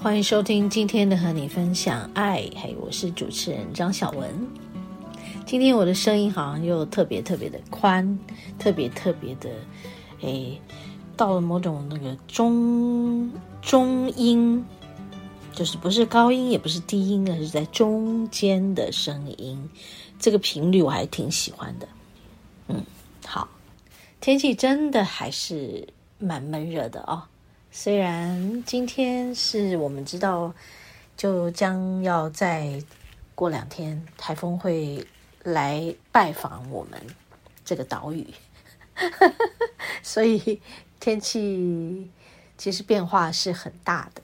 歡迎收聽今天的和你分享愛，嘿，我是主持人張小文。今天我的聲音好像又特別特別的寬，特別特別的，誒，到了某種那個中中音，就是不是高音也不是低音的，而是在中間的聲音，這個頻率我還挺喜歡的。嗯，好，天氣真的還是蠻悶熱的哦。雖然今天是我們知道，就將要再過兩天，台風會來拜訪我們這個島嶼， 所以天氣其實變化是很大的。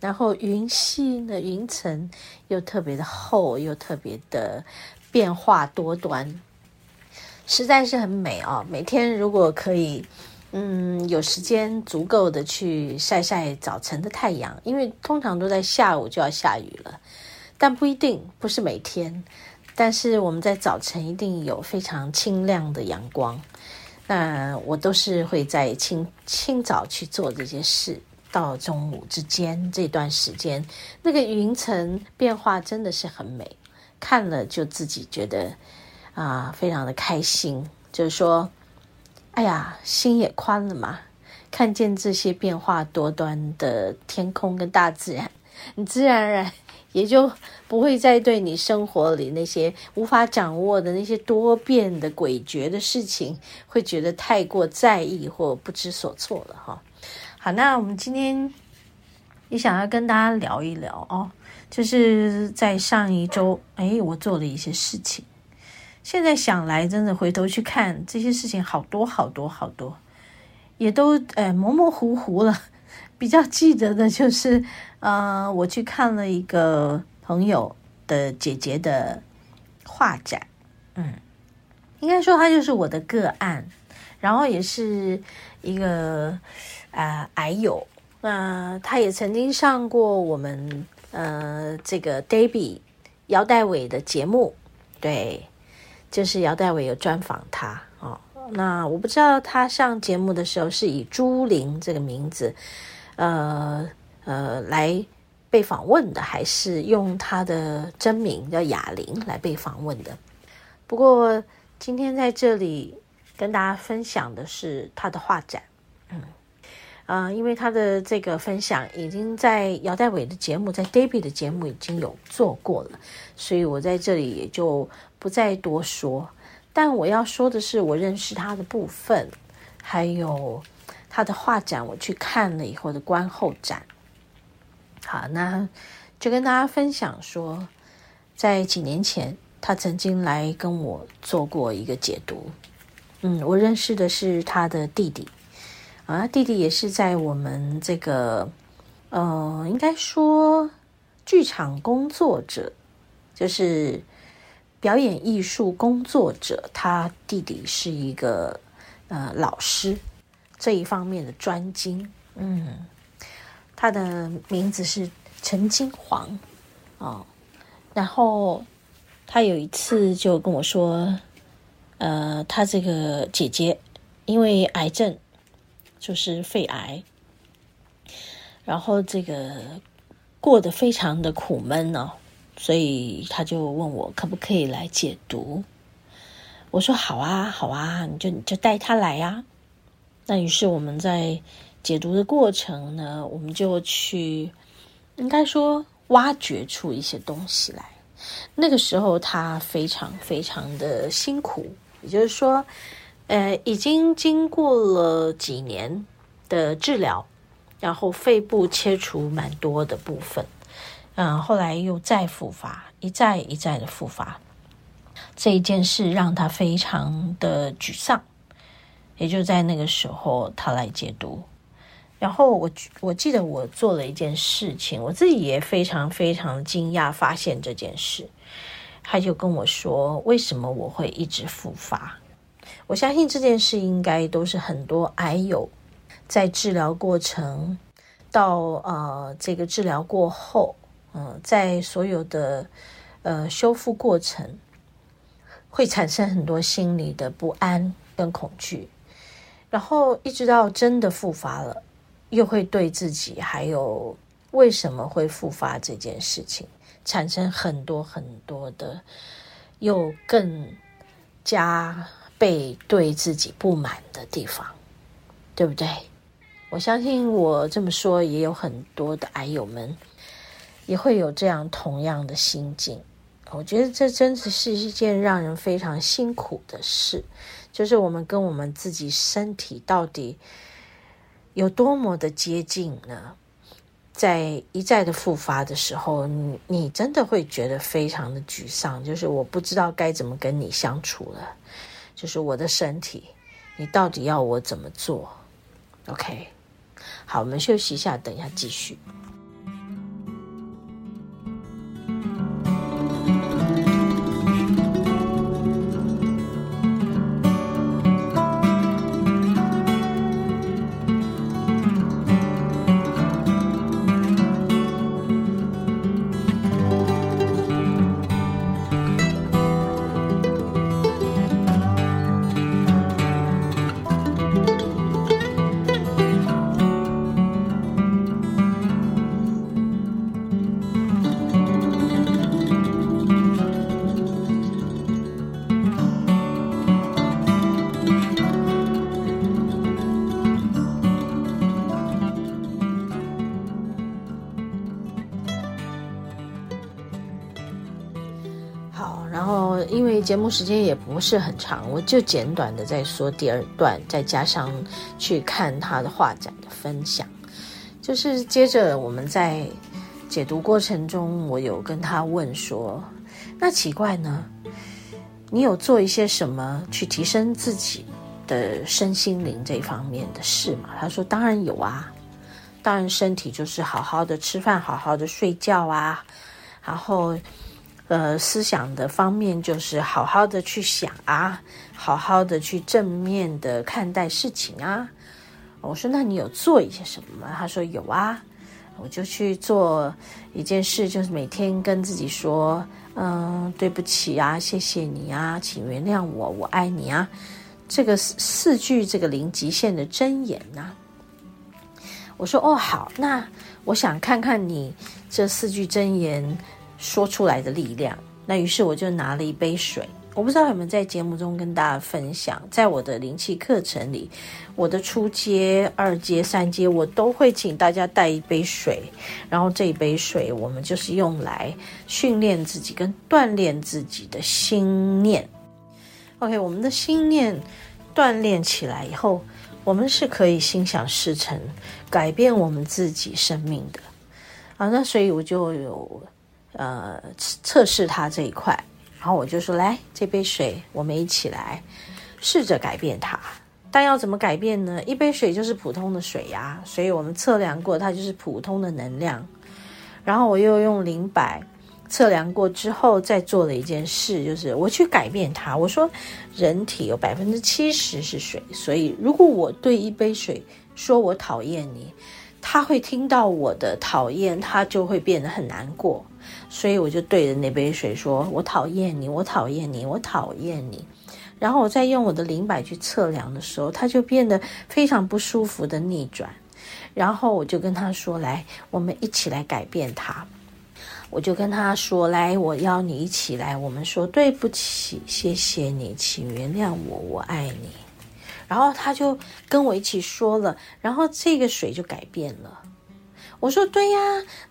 然後雲系呢，雲層又特別的厚，又特別的變化多端，實在是很美哦。每天如果可以。嗯，有時間足夠的去曬曬早晨的太陽，因為通常都在下午就要下雨了，但不一定，不是每天。但是我們在早晨一定有非常清亮的陽光，那我都是會在清清早去做這些事，到中午之間這段時間，那個雲層變化真的是很美，看了就自己覺得啊、呃，非常的開心，就是說。哎呀，心也寬了嘛！看見這些變化多端的天空跟大自然，你自然而然也就不會再對你生活裡那些無法掌握的那些多變的詭譎的事情，會覺得太過在意或不知所措了哈。好，那我們今天也想要跟大家聊一聊哦，就是在上一周，哎，我做了一些事情。現在想來，真的回頭去看這些事情，好多好多好多，也都呃模模糊糊了。比較記得的就是，呃，我去看了一個朋友的姐姐的畫展，嗯，應該說她就是我的個案，然後也是一個啊、呃、癌友。那、呃、她也曾經上過我們呃這個 Debbie 姚黛瑋的節目，對。就是姚黛瑋有專訪他哦，那我不知道他上節目的時候是以朱玲這個名字，呃呃來被訪問的，還是用他的真名叫亞玲來被訪問的。不過今天在這裡跟大家分享的是他的畫展，嗯啊、呃，因為他的這個分享已經在姚黛瑋的節目、在黛比的節目已經有做過了，所以我在這裡也就。不再多說，但我要說的是我認識他的部分，還有他的畫展，我去看了以後的觀後展。好，那就跟大家分享說，在幾年前他曾經來跟我做過一個解讀。嗯，我認識的是他的弟弟啊，弟弟也是在我們這個呃，應該說劇場工作者，就是。表演藝術工作者，他弟弟是一個呃，老師，這一方面的專精。嗯，他的名字是陳金煌，哦，然後他有一次就跟我說，呃，他這個姐姐因為癌症，就是肺癌，然後這個過得非常的苦悶哦。所以他就問我可不可以來解讀，我說好啊好啊，你就你就帶他來呀、啊。那於是我們在解讀的過程呢，我們就去應該說挖掘出一些東西來。那個時候他非常非常的辛苦，也就是說，呃，已經經過了幾年的治療，然後肺部切除蠻多的部分。嗯，後來又再復發，一再一再的復發，這一件事讓他非常的沮喪。也就在那個時候，他來解讀。然後我我記得我做了一件事情，我自己也非常非常驚訝，發現這件事。他就跟我說：“為什麼我會一直復發？”我相信這件事應該都是很多癌友在治療過程到呃這個治療過後。嗯，在所有的呃修復過程，會產生很多心理的不安跟恐懼，然後一直到真的復發了，又會對自己還有為什麼會復發這件事情，產生很多很多的又更加被對自己不滿的地方，對不對？我相信我這麼說，也有很多的癌友們。也會有這樣同樣的心境，我覺得這真的是一件讓人非常辛苦的事，就是我們跟我們自己身體到底有多麼的接近呢？在一再的復發的時候，你，你真的會覺得非常的沮喪，就是我不知道該怎麼跟你相處了，就是我的身體，你到底要我怎麼做？OK，好，我們休息一下，等一下繼續。節目時間也不是很長，我就簡短的再說第二段，再加上去看他的畫展的分享。就是接着我們在解讀過程中，我有跟他問說：“那奇怪呢？你有做一些什麼去提升自己的身心靈這一方面的事嗎？”他說：“當然有啊，當然身體就是好好的吃飯，好好的睡覺啊，然後。”呃，思想的方面就是好好的去想啊，好好的去正面的看待事情啊。我說，那你有做一些什麼嗎？他說有啊，我就去做一件事，就是每天跟自己說，嗯，對不起啊，謝謝你啊，請原諒我，我愛你啊。這個四、四句這個零極限的真言吶、啊。我說哦，好，那我想看看你這四句真言。說出來的力量。那於是我就拿了一杯水，我不知道有沒有在節目中跟大家分享，在我的靈氣課程裡，我的初階、二階、三階，我都會請大家帶一杯水，然後這一杯水我們就是用來訓練自己跟鍛鍊自己的心念。OK，我們的心念鍛鍊起來以後，我們是可以心想事成，改變我們自己生命的。啊，那所以我就有。呃，測試它這一塊，然後我就說：“來，這杯水，我們一起來試着改變它。但要怎麼改變呢？一杯水就是普通的水呀，啊，所以我們測量過，它就是普通的能量。然後我又用靈擺測量過之後，再做了一件事，就是我去改變它。我說，人體有百分之七十是水，所以如果我對一杯水說我討厭你，它會聽到我的討厭，它就會變得很難過。”所以我就對着那杯水說：“我討厭你，我討厭你，我討厭你。”然後我再用我的靈擺去測量的時候，它就變得非常不舒服的逆轉。然後我就跟他說：“來，我們一起來改變它。”我就跟他說：“來，我邀你一起來。”我們說：“對不起，謝謝你，請原諒我，我愛你。”然後他就跟我一起說了，然後這個水就改變了。我說對呀，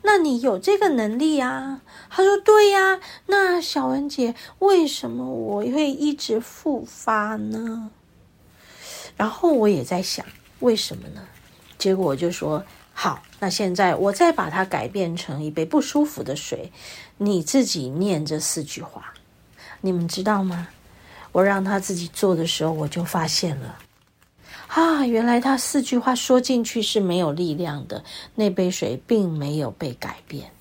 那你有這個能力啊？他說對呀，那小文姐，為什麼我會一直復發呢？然後我也在想，為什麼呢？結果我就說好，那現在我再把它改變成一杯不舒服的水，你自己念這四句話，你們知道嗎？我讓他自己做的時候，我就發現了。啊，原來他四句話說進去是沒有力量的，那杯水並沒有被改變。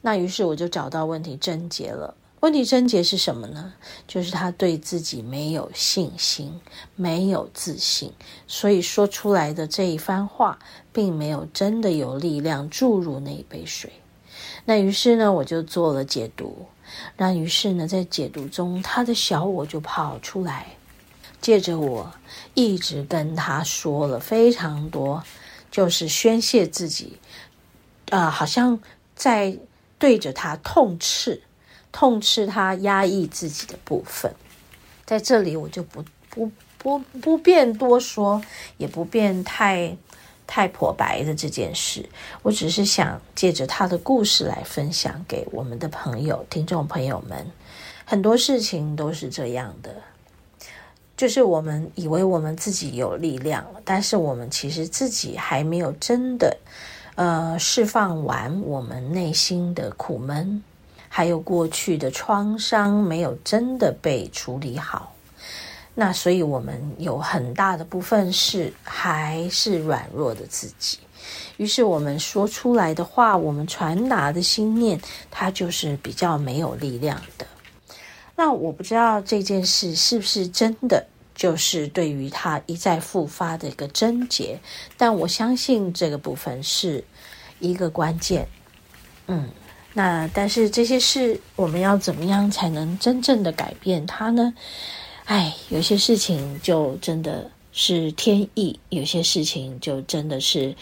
那於是我就找到問題症結了。問題症結是什麼呢？就是他對自己沒有信心，沒有自信，所以說出來的這一番話，並沒有真的有力量注入那一杯水。那於是呢，我就做了解讀，那於是呢，在解讀中，他的小我就跑出來。借着我一直跟他說了非常多，就是宣洩自己，啊、呃，好像在對着他痛斥，痛斥他壓抑自己的部分。在這裡我就不不不不便多說，也不便太太剖白的這件事。我只是想借着他的故事來分享給我們的朋友、聽眾朋友們。很多事情都是這樣的。就是我們以為我們自己有力量，但是我們其實自己還沒有真的，呃，釋放完我們內心的苦悶，還有過去的創傷沒有真的被處理好。那所以，我們有很大的部分是還是軟弱的自己。於是，我們說出來的話，我們傳達的心念，它就是比較沒有力量的。那我不知道這件事是不是真的，就是對於他一再復發的一個症結，但我相信這個部分是一個關鍵。嗯，那但是這些事我們要怎麼樣才能真正的改變他呢？哎，有些事情就真的是天意，有些事情就真的是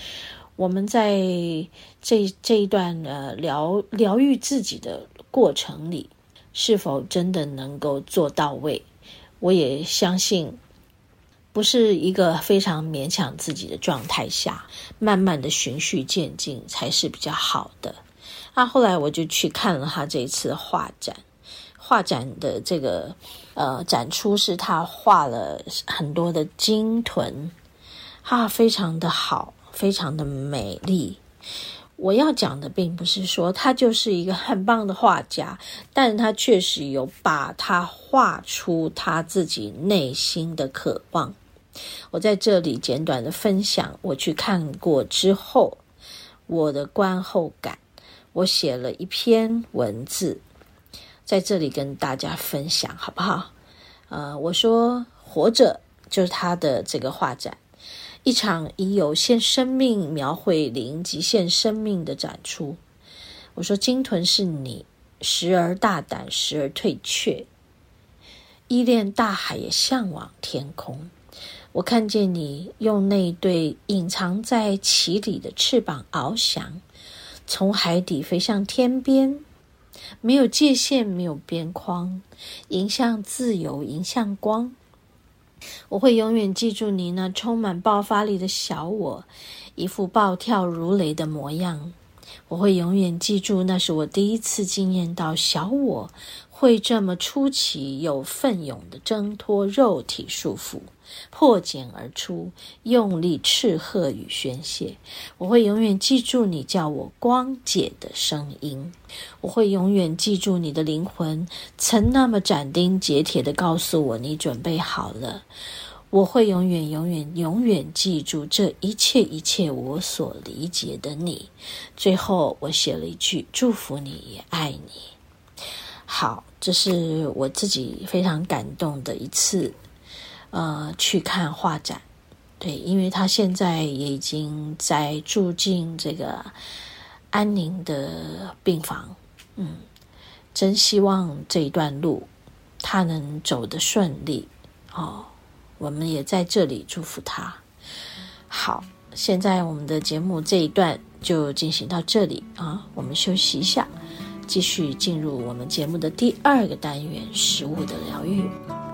我們在這這一段呃療療癒自己的過程裡。是否真的能夠做到位？我也相信，不是一個非常勉強自己的狀態下，慢慢的循序漸進才是比較好的。啊，後來我就去看了他這一次的畫展，畫展的這個呃展出是他畫了很多的鯨豚，他、啊、非常的好，非常的美麗。我要講的並不是說他就是一個很棒的畫家，但他確實有把他畫出他自己內心的渴望。我在這裡簡短的分享我去看過之後我的觀後感，我寫了一篇文字在這裡跟大家分享，好不好？呃，我說活着就是他的這個畫展。一場以有限生命描繪零極限生命的展出，我說鯨豚是你，時而大膽，時而退卻，依戀大海，也嚮往天空。我看見你用那對隱藏在鰭裡的翅膀翱翔，從海底飛向天邊，沒有界限，沒有邊框，迎向自由，迎向光。我會永遠記住你那充滿爆發力的小我，一副暴跳如雷的模樣。我會永遠記住，那是我第一次經驗到小我會這麼出奇又奮勇地掙脫肉體束縛。破繭而出，用力斥喝與宣洩。我會永遠記住你叫我光姐的聲音，我會永遠記住，你的靈魂曾那麼斬釘截鐵地告訴我你準備好了。我會永遠永遠永遠記住這一切一切我所理解的你。最後，我寫了一句：祝福你，也愛你。好，這是我自己非常感動的一次。呃，去看畫展，對，因為他現在也已經在住進這個安寧的病房，嗯，真希望這一段路他能走得順利哦。我們也在這裡祝福他。好，現在我們的節目這一段就進行到這裡啊，我們休息一下，繼續進入我們節目的第二個單元——食物的療癒。